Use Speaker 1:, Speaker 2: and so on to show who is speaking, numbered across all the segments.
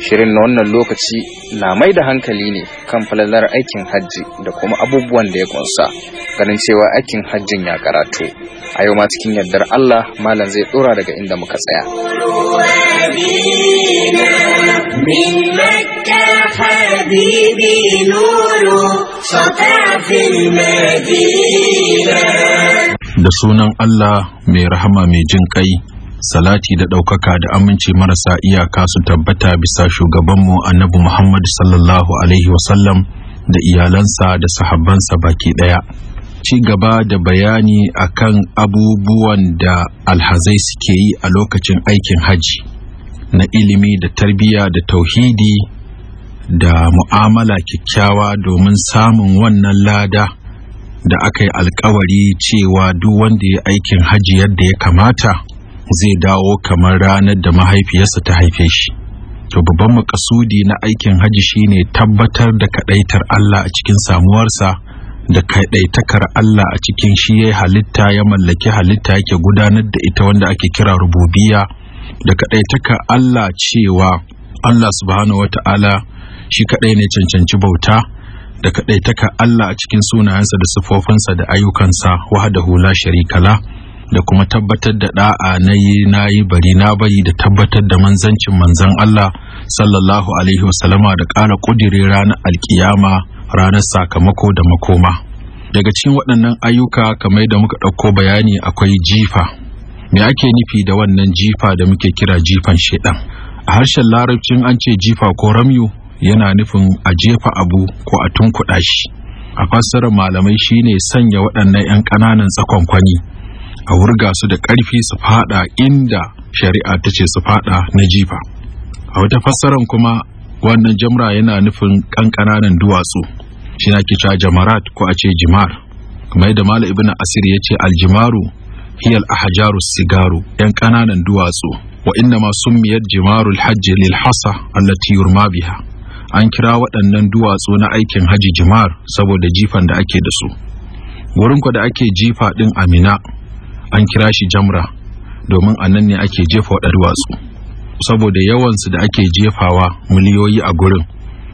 Speaker 1: Shirin na wannan lokaci na mai da hankali ne kan falalar aikin hajji da kuma abubuwan da ya kunsa ganin cewa aikin hajjin ya karatu. A yau ma cikin yardar Allah malam zai tsora daga inda muka tsaya. min da sunan Allah mai rahama mai jin kai salati da ɗaukaka da aminci marasa iyaka su tabbata bisa shugabanmu annabi Muhammad sallallahu alaihi wasallam da iyalansa da sahabbansa baki ɗaya. Ci gaba da bayani akan abubuwan da alhazai suke yi a lokacin aikin haji na ilimi da tarbiyya da tauhidi da mu'amala kyakkyawa domin samun wannan lada. da aka yi alkawari cewa duk wanda ya aikin haji yadda ya kamata zai dawo kamar ranar da mahaifiyarsa ta haife shi to babban makasudi na aikin haji shine tabbatar da kadaitar Allah a cikin samuwarsa da kadaitakar Allah a cikin shi ya halitta ya mallaki halitta yake gudanar da ita wanda ake kira rububiyya da kadaitakar Allah cewa Allah subhanahu wata'ala shi kadai ne cancanci bauta da kaɗaitaka Allah a cikin sunayensa da siffofinsa da ayyukansa wahada hula sharikala da kuma tabbatar da ɗa'a na yi na yi bari na bari da tabbatar da manzancin manzan Allah sallallahu alaihi wasallama da ƙara ƙudiri ranar alkiyama ranar sakamako da makoma daga cikin waɗannan ayyuka kamar da muka ɗauko bayani akwai jifa me ake nufi da wannan jifa da muke kira jifan shaidan a harshen larabcin an ce jifa ko ramyu yana nufin a jefa abu ko a tunkuɗa shi a fassarar malamai shine sanya waɗannan 'yan ƙananan tsakonkwani a wurga su da ƙarfi su fada inda shari'a ta ce su fada na jifa a wata fassarar kuma wannan jamra yana nufin ƙanƙananan duwatsu shi na ke cewa jamarat ko a ce jimar kuma yadda malam ibn asir ya ce aljimaru hiyal ahjaru sigaru 'yan ƙananan duwatsu wa inna ma summiyat jimarul hajji lil hasa allati yurma biha an kira waɗannan duwatsu na aikin haji jimar saboda jifan da ake da su wurin ku da ake jifa ɗin amina an kira shi jamra domin a nan ne ake jefa waɗa duwatsu saboda yawansu da ake jefawa miliyoyi a gurin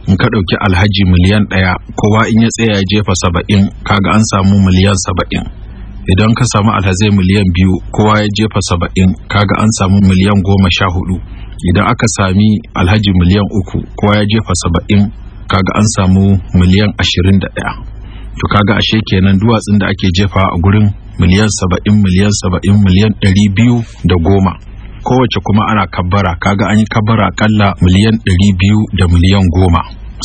Speaker 1: in ka ɗauki alhaji miliyan ɗaya kowa in ya tsaya ya jefa saba'in kaga an samu miliyan saba'in idan ka samu alhazai miliyan biyu kowa ya jefa saba'in kaga an samu miliyan goma sha hudu idan aka sami alhaji miliyan uku kowa ya jefa saba'in kaga an samu miliyan ashirin da ɗaya to kaga ashe kenan duwatsun da ake jefa a gurin miliyan saba'in miliyan saba'in miliyan ɗari biyu da goma kowace kuma ana kabbara kaga an yi kabbara kalla miliyan ɗari biyu da miliyan goma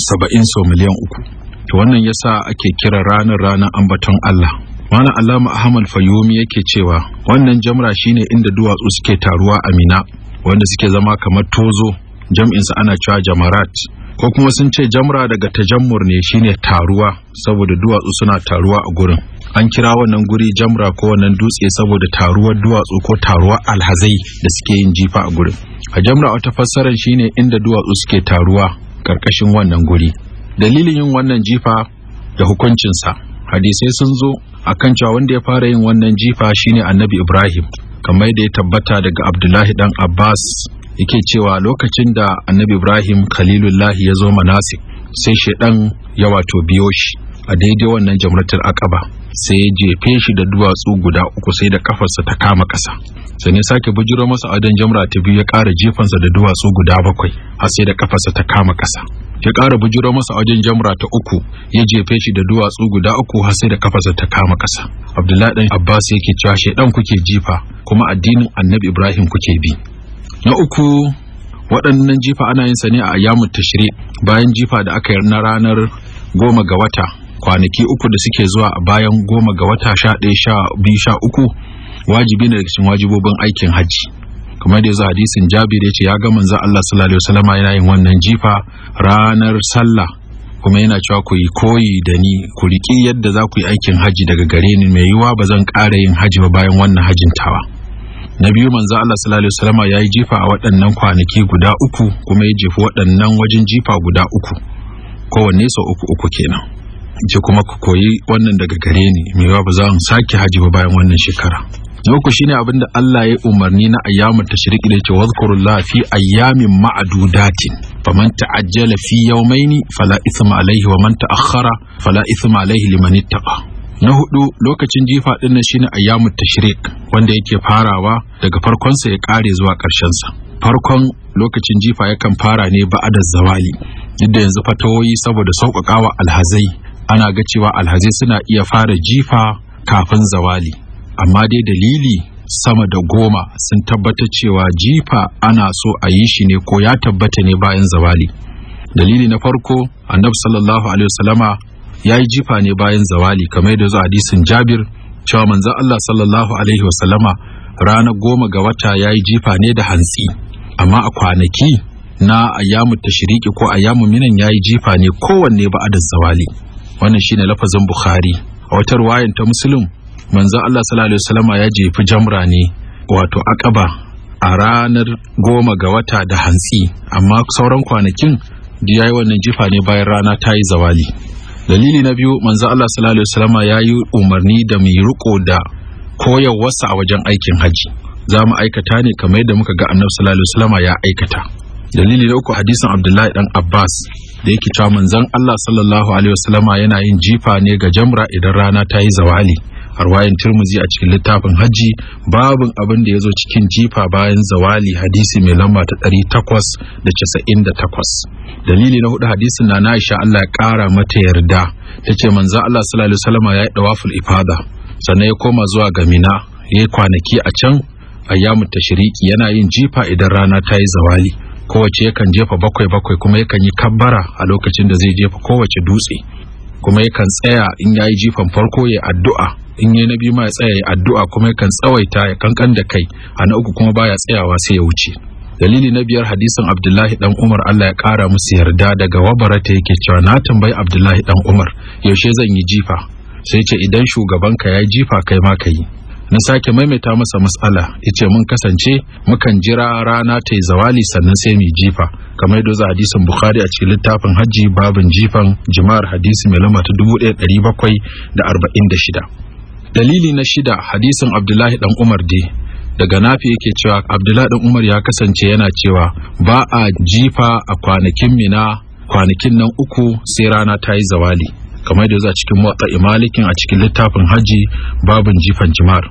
Speaker 1: saba'in sau miliyan uku to wannan yasa ake kira ranar ranar ambaton Allah Mana alama Ahmad Fayomi yake cewa wannan jamra shine inda duwatsu suke taruwa a Mina wanda suke zama kamar tozo jam'insa ana cewa jamarat ko kuma sun ce jamra daga tajammur ne shine taruwa saboda duwatsu suna taruwa a gurin an kira wannan guri jamra ko wannan dutse saboda taruwar duwatsu ko taruwar alhazai da suke yin jifa a gurin a jamra wata fassarar shine inda duwatsu suke taruwa karkashin wannan guri dalilin yin wannan jifa da hukuncinsa hadisai sun zo akan cewa wanda ya fara yin wannan jifa shine annabi ibrahim kamar da ya tabbata daga abdullahi dan abbas yake cewa lokacin da annabi ibrahim khalilullahi ya zo manasik sai shaidan ya wato biyo shi a daidai wannan jamratul akaba sai ya jefe shi da duwatsu guda uku sai da kafarsa ta kama kasa. sai ya sake bujiro masa adon jamra ta biyu ya ƙara jefansa da duwatsu guda bakwai har sai da kafarsa ta kama ƙasa ya ƙara bujiro masa adon jamra ta uku ya jefe shi da duwatsu guda uku har sai da kafarsa ta kama kasa. abdullahi dan abbas yake cewa shedan kuke jifa kuma addinin annabi ibrahim kuke bi na uku waɗannan jifa ana yin sa ne a ayyamu tashri bayan jifa da aka yi na ranar goma ga wata kwanaki uku da suke zuwa a bayan goma ga wata sha ɗaya sha biyu sha uku wajibi ne daga wajibobin aikin hajji kamar da yazo hadisin Jabir yace ya ga manzo Allah sallallahu alaihi wasallam yana yin wannan jifa ranar sallah kuma yana cewa ku yi koyi da ni ku riƙe yadda za ku yi aikin hajji daga gare ni mai yiwa ba zan ƙara yin hajji ba bayan wannan hajjin tawa na biyu manzo Allah sallallahu alaihi wasallam ya yi jifa a waɗannan kwanaki guda uku kuma ya jefi waɗannan wajen jifa guda uku kowanne sau uku uku kenan ce kuma ku koyi wannan daga gare ni mai ba za mu sake haji ba bayan wannan shekara na uku shine abin da Allah ya umarni na ayyamu tashriqi da yake wazkurullah fi ayyamin ma'dudatin faman ta'ajjala fi yawmaini fala ithma alayhi wa man ta'akhkhara fala ithma alayhi liman ittaqa na hudu lokacin jifa din nan shine ayyamut tashriq wanda yake farawa daga farkon sa ya kare zuwa karshen sa farkon lokacin jifa yakan fara ne ba'da zawali duk da yanzu fatawoyi saboda sauƙaƙawa alhazai ana ga cewa alhazai suna iya fara jifa kafin zawali amma dai dalili sama da goma sun tabbata cewa jifa ana so a yi shi ne ko ya tabbata ne bayan zawali dalili na farko annabi sallallahu alaihi wasallama ya yi jifa ne bayan zawali kamar yadda zuwa hadisin jabir cewa manzon Allah sallallahu alaihi wasallama ranar goma ga wata ya yi jifa ne da hantsi amma a kwanaki na ayyamu tashriqi ko ayyamu minan ya yi jifa ne kowanne ba'adar zawali wannan shine lafazin bukhari a wata ruwayan ta muslim manzo Allah sallallahu alaihi wasallama ya jefi jamra ne wato akaba a ranar goma ga wata da hantsi amma sauran kwanakin ya yi wannan jifa ne bayan rana ta yi zawali dalili na biyu manzo Allah sallallahu alaihi wasallama ya yi umarni da mu riko da wasa a wajen aikin haji za mu aikata ne kamar yadda muka ga annabi sallallahu alaihi wasallama ya aikata dalili na uku hadisin abdullahi dan abbas da yake cewa manzon Allah sallallahu alaihi wasallama yana yin jifa ne ga jamra idan rana ta yi zawali a ruwayan turmuzi a cikin littafin hajji babin abin da ya zo cikin jifa bayan zawali hadisi mai lamba ta ɗari takwas da casa'in da takwas dalili na hudu hadisin na Aisha Allah ya ƙara mata yarda tace ce Allah sallallahu alaihi wasallama ya yi dawaful ifada sannan ya koma zuwa ga mina yayi kwanaki a can ayyamu tashriqi yana yin jifa idan rana ta yi zawali kowace yakan jefa bakwai bakwai kuma yakan yi kabbara a lokacin da zai jefa kowace dutse kuma yakan tsaya in ya yi jifan farko ya addu'a in yi na biyu ma ya tsaya ya addu'a kuma yakan tsawaita ya kankan da kai a na uku kuma baya tsayawa sai ya wuce dalili na biyar hadisin abdullahi dan umar allah ya kara musu yarda daga wabara ta yake cewa na tambayi abdullahi dan umar yaushe zan yi jifa sai ce idan shugabanka ya jifa kai ma ka yi na sake maimaita masa matsala ya mun kasance mukan jira rana ta yi zawali sannan sai mu jifa kamar yadda za hadisin bukhari a cikin littafin hajji babin jifan jima'ar hadisi mai lamba ta shida. dalili na shida hadisin abdullahi dan umar de daga nafi yake cewa abdullahi dan umar ya kasance yana cewa ba a jifa a kwanakin mina kwanakin nan uku sai rana ta yi zawali kamar da za a cikin watsa imalikin a cikin littafin haji babin jifan jimar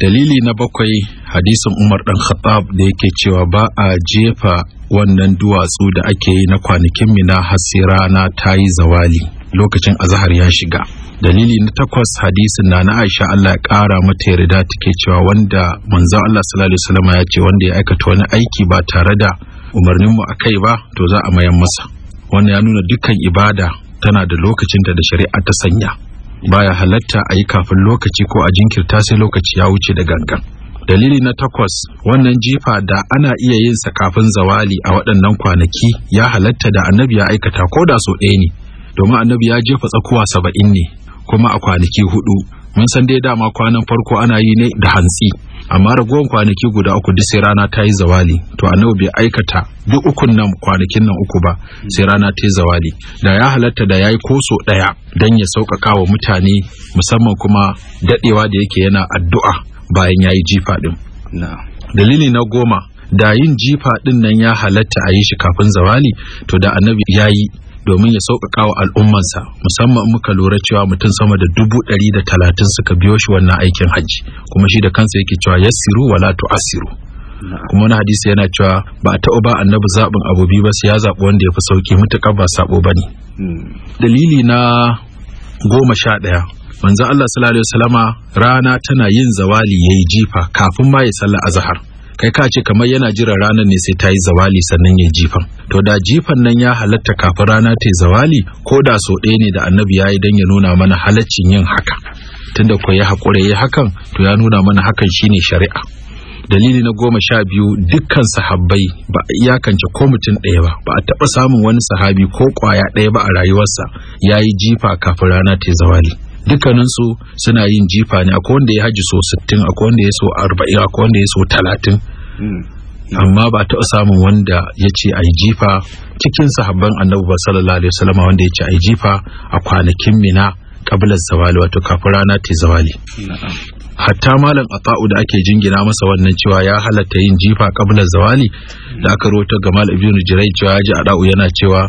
Speaker 1: dalili na bakwai hadisin umar dan khattab da yake cewa ba a jefa wannan duwatsu da ake yi na kwanakin mina Hasi rana ta yi zawali lokacin azahar ya shiga dalili na takwas hadisin na na aisha allah ya kara mata yarda take cewa wanda manzo allah sallallahu alaihi wasallam ya ce wanda ya aikata wani aiki ba tare da umarnin umarninmu akai ba to za a mayan masa wannan ya nuna dukkan ibada tana da lokacin da da shari'a ta sanya baya halatta a yi kafin lokaci ko a jinkirta sai lokaci ya wuce da gangan dalili na takwas wannan jifa da ana iya yin sa kafin zawali a waɗannan kwanaki ya halatta da annabi ya aikata ko da so ɗaya ne domin annabi ya jefa tsakuwa saba'in ne kuma a kwanaki hudu mun san dai dama kwanan farko ana yi ne da hantsi amma ragowar kwanaki guda uku duk sai rana ta yi zawali to annabi bai aikata duk ukun nan kwanakin nan uku ba sai rana ta yi zawali da ya halatta da ya yi koso ɗaya don ya sauƙaƙa wa mutane musamman kuma daɗewa da yake yana addu'a bayan ya yi jifa ɗin dalili na goma da yin jifa ɗin nan ya halatta a yi shi kafin zawali to da annabi ya yi domin ya sauƙaƙa wa al'ummansa musamman muka lura cewa mutum sama da dubu ɗari da talatin suka biyo shi wannan aikin hajji kuma shi da kansa yake cewa yassiru wala tu'assiru kuma wani hadisi yana cewa ba a taɓa ba annabi zaɓin abu ba sai ya zaɓi wanda ya fi sauƙi mutuƙar ba saɓo ba ne dalili na goma sha ɗaya manzo Allah sallallahu alaihi wasallama rana tana yin zawali yayi jifa kafin ma ya sallar azhar kai ka ce kamar yana jiran ranar ne sai ta yi zawali sannan ya jifan to da jifan nan ya halatta kafin rana ta yi zawali ko da so ɗaya ne da annabi ya yi don ya nuna mana halaccin yin haka tunda da ya haƙura ya hakan to ya nuna mana hakan shine shari'a dalili na goma sha biyu dukkan sahabbai ba a iyakance ko mutum ɗaya ba ba a taɓa samun wani sahabi ko ƙwaya ɗaya ba a rayuwarsa ya yi jifa kafin rana ta yi zawali dukkaninsu suna yin jifa ne akwai wanda ya haji so 60 akwai wanda ya so 40 akwai wanda ya so 30 hmm. amma ba taɓa samun wanda ya ce a yi jifa cikin sahabban annabi ba sallallahu alaihi wasallam wanda ya ce a yi jifa a kwanakin mina kabilar zawali wato kafin rana ta zawali hatta malam afa'u da ake jingina masa wannan cewa ya halatta yin jifa kabilar zawali da aka rota ga malam ibn jirai cewa ya ji ada'u yana cewa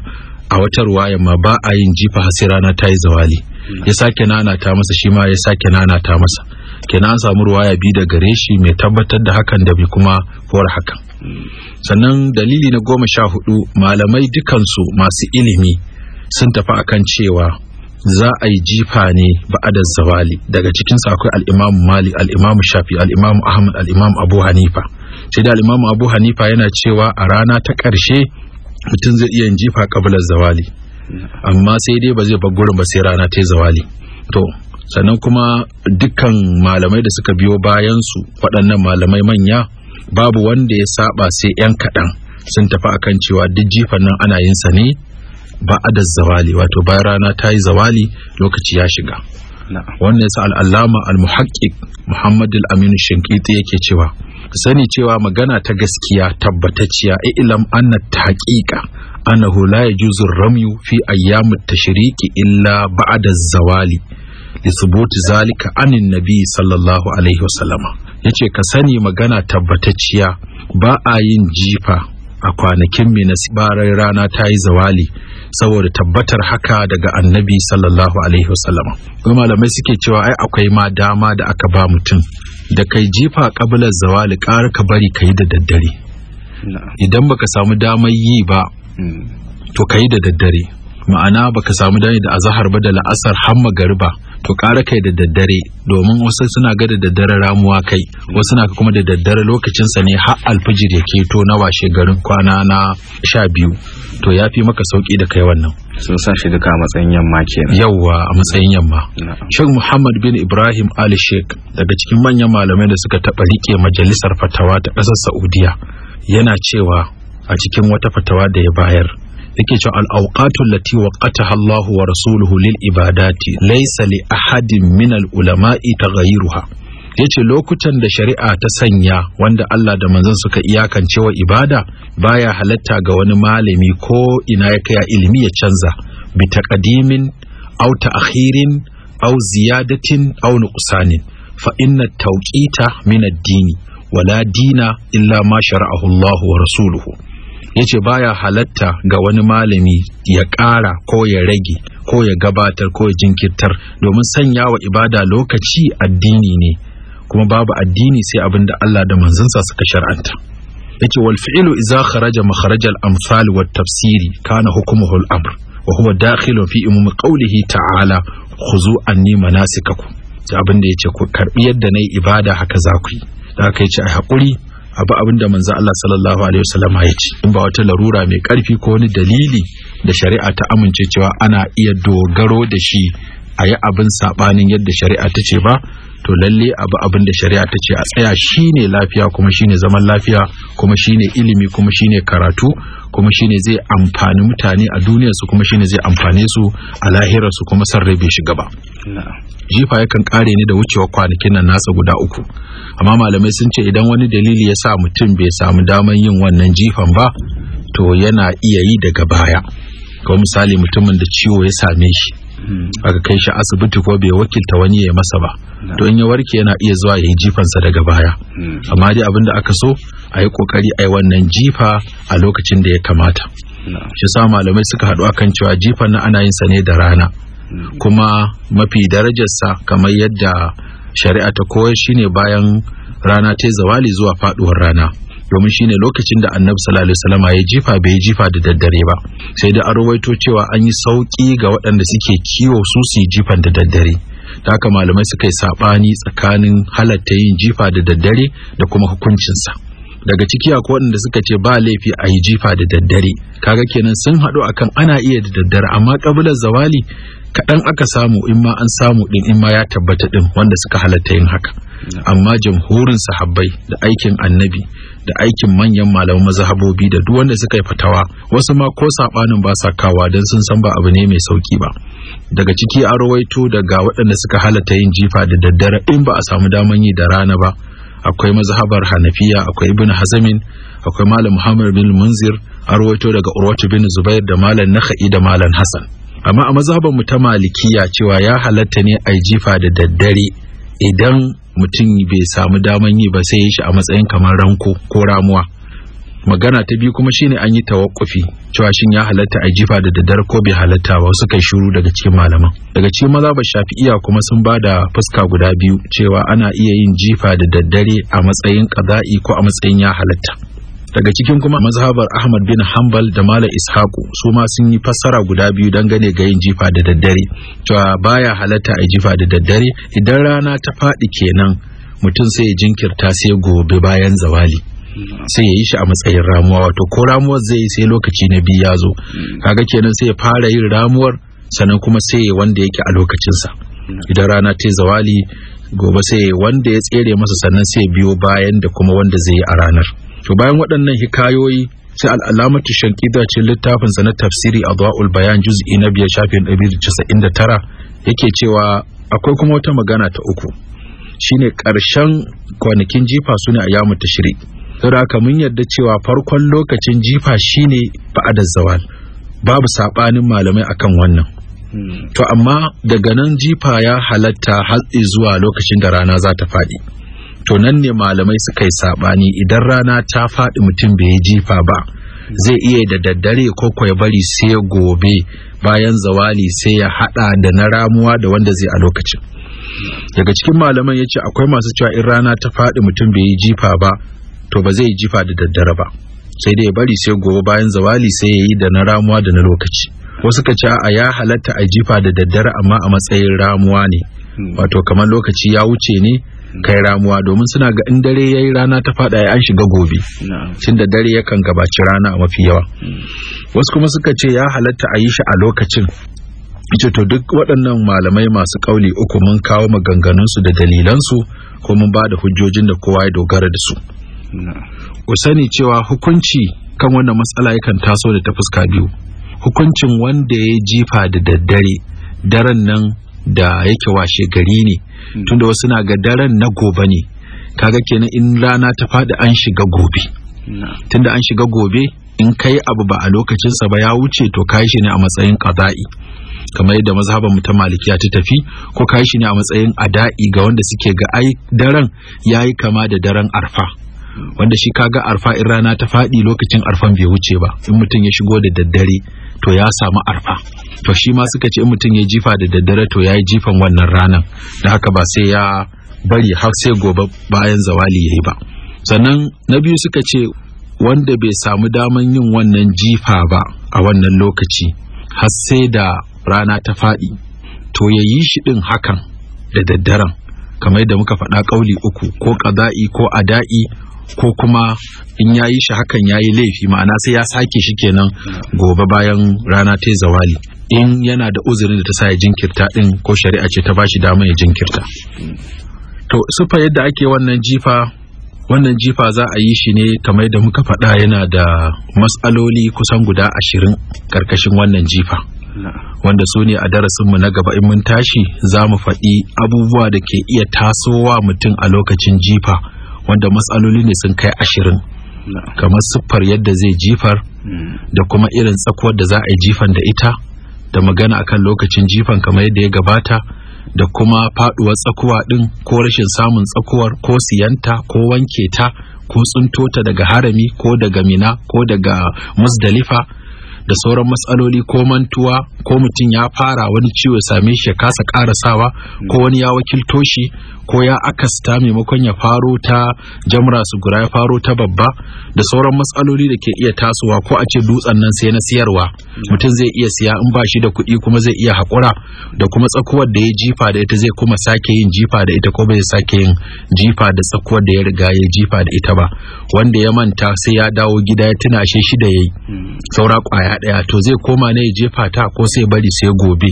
Speaker 1: a wata ruwaya ma ba a yin jifa har sai rana ta yi zawali ya sake nanata masa shi ma ya sake nanata masa kenan an samu ruwaya bi da gare shi mai tabbatar da hakan da bai kuma kowar hakan sannan dalili na goma sha hudu malamai dukansu masu ilimi sun tafi akan cewa za a yi jifa ne ba'adar zawali daga cikin akwai al'imamu malik al'imamu shafi al'imamu ahmad al'imamu abu hanifa sai da al'imamu abu hanifa yana cewa a rana ta ƙarshe mutum zai iya jifa kabilar zawali amma sai dai ba zai bar gurin ba sai rana ta zawali to sannan kuma dukkan malamai da suka biyo bayan su waɗannan malamai manya babu wanda ya saba sai yan kaɗan sun tafi akan cewa duk jifan nan ana yin sa ne ba da zawali wato bayan rana ta yi zawali lokaci ya shiga wannan yasa al'allama al-muhaqqiq muhammad al-aminu shinkiti yake cewa sani cewa magana ta gaskiya tabbatacciya ilam anna ta haƙiƙa Anahula ya yajuzu ramyu fi ayyam at illa ba'adar zawali. zawali li thubuti zalika anin nabi sallallahu alaihi wasallama yace ka sani magana tabbatacciya ba a yin jifa a kwanakin minas barar rana ta yi zawali saboda tabbatar haka daga annabi sallallahu alaihi wasallama kuma malamai suke cewa ai akwai ma dama da aka ba mutum da kai jifa kabilar zawali ƙara ka bari ka yi da daddare idan baka samu damar yi ba to kai da daddare ma'ana baka samu dani da azahar ba da la'asar har magariba to ƙara kai da daddare domin wasu suna ga da daddare ramuwa kai wasu suna kuma da daddare lokacinsa ne har alfijir ya keto na washe garin kwana na sha biyu to ya fi maka sauki da kai wannan sun sa shi duka a matsayin yamma kenan yawwa a matsayin yamma Sheikh Muhammad bin Ibrahim Ali Sheikh daga cikin manyan malamai da suka taɓa riƙe majalisar fatawa ta ƙasar Saudiya yana cewa a cikin wata fatawa da ya bayar yake cewa al-awqatu allati waqataha wa rasuluhu lil ibadati laisa li ahadin min al-ulama'i Ya yace lokutan da shari'a ta sanya wanda Allah da manzon suka iyakance wa ibada baya halatta ga wani malami ko ina ya kai ilimi ya canza bi taqdimin aw ta'khirin aw ziyadatin aw nuqsanin fa inna tawqita min ad-din wala dina illa ma shara'ahu Allah wa rasuluhu ya ce baya halatta ga wani malami ya ƙara ko ya rage ko ya gabatar ko ya jinkirtar domin sanya wa ibada lokaci addini ne kuma babu addini sai abinda Allah da manzansa suka shar'anta yace wal fi'lu idza kharaja makharaj al amsal wat tafsiri kana hukmuhu al amr wa huwa dakhilun fi umum qawlihi ta'ala khuzu anni manasikakum abin da yace ku karbi yadda nayi ibada haka za ku yi da aka yace ai hakuri abu abin da manzo Allah sallallahu alaihi wasallam ya ce in ba wata larura mai karfi ko wani dalili da shari'a ta amince cewa ana iya dogaro da shi a yi abin sabanin yadda shari'a ta ce ba to lalle abu abin da shari'a ta ce a tsaya shine lafiya kuma shine zaman lafiya kuma shine ilimi kuma shine karatu kuma shine zai amfani mutane a duniyarsu kuma shine zai amfane su a lahirarsu kuma sarrabe shi gaba jifa yakan kare ne da wucewa kwanakin nan nasa guda uku amma malamai sun ce idan wani dalili ya sa mutum bai samu daman yin wannan jifan ba to yana iya yi daga baya ko misali mutumin da ciwo ya same shi hmm. aka kai shi asibiti ko bai wakilta wani ya masa ba hmm. to in ya warke yana iya zuwa ya yi jifansa daga baya hmm. amma dai abin da aka so a yi kokari a yi wannan jifa a lokacin da ya kamata shi sa malamai suka haɗu akan cewa jifan na ana yin sa ne da rana kuma mafi darajarsa kamar yadda shari'a ta koyar shine bayan rana ta zawali zuwa faduwar rana domin shine lokacin da annabi sallallahu alaihi wasallam ya jifa bai jifa da daddare ba sai da arwaito cewa an yi sauki ga waɗanda suke kiwo su su yi jifan da daddare da haka malamai suka yi sabani tsakanin halatta yin jifa da daddare da kuma hukuncinsa daga ciki akwai waɗanda suka ce ba laifi a yi jifa da daddare kaga kenan sun haɗu akan ana iya da daddare amma kabilar zawali kaɗan aka samu in ma an samu ɗin in ma ya tabbata ɗin wanda suka halatta yin haka amma jamhurin sahabbai da aikin annabi da aikin manyan malaman mazhabobi da duk wanda suka yi fatawa wasu ma ko sabanin ba sa kawa don sun san ba abu ne mai sauki ba daga ciki a rawaito daga waɗanda suka halatta yin jifa da daddare in ba a samu daman yi da rana ba akwai mazhabar hanafiya akwai ibn hazamin akwai malam muhammad bin munzir a rawaito daga urwatu bin zubair da malam nakhai da malam hasan amma a mazhaban mu ta malikiya cewa ya halatta ne a jifa da daddare idan mutum bai samu daman yi ba sai ya shi a matsayin kamar ranko ko ramuwa magana ta biyu kuma shine an yi tawakkufi cewa shin ya halatta a jifa da daddare ko bai halatta ba suka yi shuru daga cikin malaman daga cikin maza ba shafi'iya kuma sun ba da fuska guda biyu cewa ana iya yin jifa da daddare a matsayin qada'i ko a matsayin ya halatta daga cikin kuma mazhabar Ahmad bin Hanbal da Malam Ishaku su ma sun yi fassara guda biyu dangane ga yin jifa da daddare cewa baya halatta a jifa da daddare idan rana ta faɗi kenan mutum sai ya jinkirta sai gobe bayan zawali sai ya yi shi a matsayin ramuwa wato ko ramuwar zai yi sai lokaci na biyu ya zo kaga kenan sai ya fara yin ramuwar sannan kuma sai ya wanda yake a lokacinsa idan rana ta zawali gobe sai wanda ya tsere masa sannan sai biyo bayan da kuma wanda zai yi a ranar to bayan waɗannan hikayoyi sai al'alamatu shankida ce littafinsa na tafsiri a zuwa'ul bayan juz'i na biyar shafin 199 yake cewa akwai kuma wata magana ta uku shine ƙarshen kwanakin jifa su ne a yamu ta shiri saboda haka mun yarda cewa farkon lokacin jifa shine ba'adar zawal babu saɓanin malamai akan wannan hmm. to amma daga nan jifa ya halatta hatsi zuwa lokacin da rana za ta faɗi to nan ne malamai suka yi sabani idan rana ta faɗi mutum bai jifa ba zai iya da daddare ko ya bari sai gobe bayan zawali sai ya hada da na ramuwa da wanda zai a lokacin daga cikin malaman ya ce akwai masu cewa in rana ta faɗi mutum bai yi jifa ba to ba zai yi jifa da daddare ba sai dai bari sai gobe bayan zawali sai ya yi da na ramuwa da na lokaci wasu ka ce ya halatta a jifa da daddare amma a matsayin ramuwa ne hmm. wato kamar lokaci ya wuce ne kai ramuwa domin suna ga in dare yayi rana ta fada ya an shiga gobe cin da dare yakan gabaci rana a mafi yawa hmm. wasu kuma suka ce ya halatta a yi shi a lokacin ce to duk waɗannan malamai masu kauli uku mun kawo maganganunsu da dalilansu ko mun ba da hujjojin da kowa ya dogara da su ku sani cewa hukunci kan wannan matsala yakan taso da ta fuska biyu hukuncin wanda ya jifa da daddare daren nan da yake washe gari ne hmm. tunda wasu na ga daren na gobe ne kaga kenan in rana ta faɗi an shiga gobe tunda an shiga gobe in kai abu ba a lokacinsa ba ya wuce to kai shi ne a matsayin qada'i kamar yadda mazhaban ta malikiya ta tafi ko kai shi ne a matsayin ada'i ga wanda suke ga ai daren yayi kama da daren arfa hmm. wanda shi kaga arfa in rana ta faɗi lokacin arfan bai wuce ba in mutum ya shigo da daddare to ya samu arfa to shi ma suka ce in mutum ya jifa da daddare to ya yi jifan wannan ranar da haka ba sai ya bari har sai gobe bayan zawali ya yi ba sannan na biyu suka ce wanda bai samu daman yin wannan jifa ba a wannan lokaci har sai da rana ta faɗi to ya yi shi ɗin hakan da daddaren kamar da muka faɗa ƙauli uku ko ƙaza'i ko ada'i ko kuma in ya yi shi hakan ya yi laifi ma'ana sai ya sake shi kenan gobe bayan rana ta zawali in yana da uzurin da ta sa ya jinkirta din ko shari'a ce ta bashi damar ya jinkirta to sufa yadda ake wannan jifa wannan jifa za a yi shi ne kamar da muka faɗa yana da matsaloli kusan guda ashirin karkashin wannan jifa wanda su ne a darasinmu na gaba in mun tashi za mu faɗi abubuwa da ke iya tasowa mutum a lokacin jifa wanda matsaloli ne sun kai ashirin kamar siffar yadda zai jifar hmm. da kuma irin tsakuwar da za a yi jifan da ita da magana akan lokacin jifan kamar yadda ya gabata da kuma faduwar tsakuwa din ko rashin samun tsakuwar ko siyanta ko wanke ta ko tsuntota daga harami ko daga mina ko daga musdalifa da sauran matsaloli ko mantuwa ko mutum ya fara wani ciwo same shi ya kasa karasawa ko hmm. wani ya wakilto shi ko ya akasta maimakon ya faro ta jamra su gura ya faro ta babba da sauran matsaloli da ke iya tasowa ko a ce dutsen nan sai na siyarwa mutum zai iya siya in ba shi da kuɗi kuma zai iya haƙura da kuma tsakuwar da ya jifa da ita zai kuma sake yin jifa da ita ko bai sake yin jifa da tsakuwar da ya riga ya jifa da ita ba wanda ya manta sai ya dawo gida ya tuna shi da yayi saura kwaya ɗaya to zai koma ne ya jefa ta ko sai bari sai gobe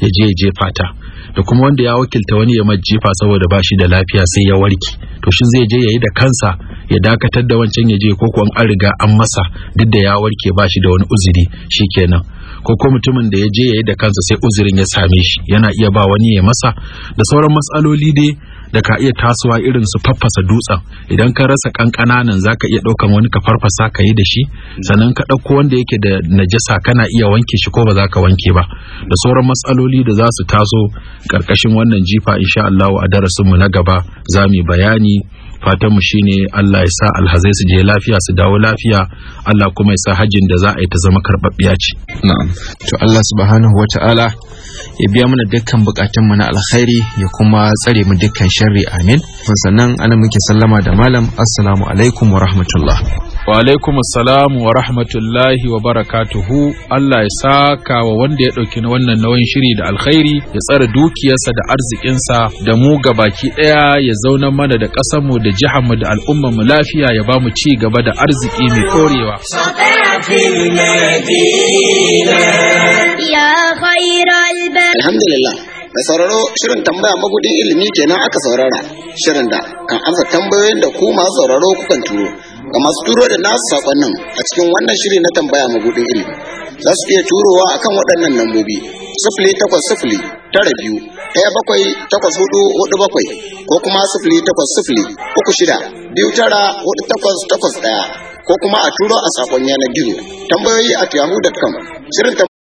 Speaker 1: ya je ya jefa ta da kuma wanda ya wakilta wani ya majjefa saboda ba shi da lafiya sai ya warke to shi zai je ya yi da kansa ya dakatar da wancan ya je ko kuwa an riga an masa duk da ya warke ba shi da wani uzuri shikenan ko ko mutumin da ya je yayi da kansa sai uzurin ya same shi yana iya ba wani ya masa da sauran matsaloli dai da ka iya tasowa irin su faffasa dutsen idan ka rasa kankana za ka iya ɗaukan wani ka farfasa ka yi da shi sannan ka ɗauko wanda yake da najasa kana iya wanke shi ko ba za ka wanke ba da sauran matsaloli da za su taso karkashin wannan jifa insha Allah a darasin mu na gaba za mu bayani mu shine Allah ya sa alhazai su je lafiya su dawo lafiya Allah kuma ya sa hajjin da za a yi ta zama karɓaɓɓiya ce. Na'am. To Allah subhanahu wata'ala ta'ala ya biya mana dukkan bukatun mu na alkhairi ya kuma tsare mu dukkan sharri amin sannan ana muke sallama da malam assalamu alaikum wa rahmatullah wa alaikum assalam wa rahmatullahi wa barakatuhu Allah ya saka wa wanda ya ɗauki wannan nauyin shiri da alkhairi ya tsara dukiyarsa da arzikinsa da mu baki ɗaya ya zauna mana da ƙasarmu da jiharmu da al'ummarmu lafiya ya ba mu ci gaba da arziki mai ɗorewa. Alhamdulillah da sauraro shirin tambaya magudin ilimi kenan aka saurara shirin da kan amsa tambayoyin da ku masu sauraro kukan turo ga masu turo da nasu sakonnin a cikin wannan shiri na tambaya magudin ilimi za su iya turowa akan waɗannan lambobi sifili takwas sifili tara biyu ɗaya bakwai takwas hudu hudu bakwai ko kuma sifili takwas sifili uku shida biyu tara hudu takwas takwas ɗaya ko kuma a turo a sakon yanar gizo tambayoyi a yahoo.com shirin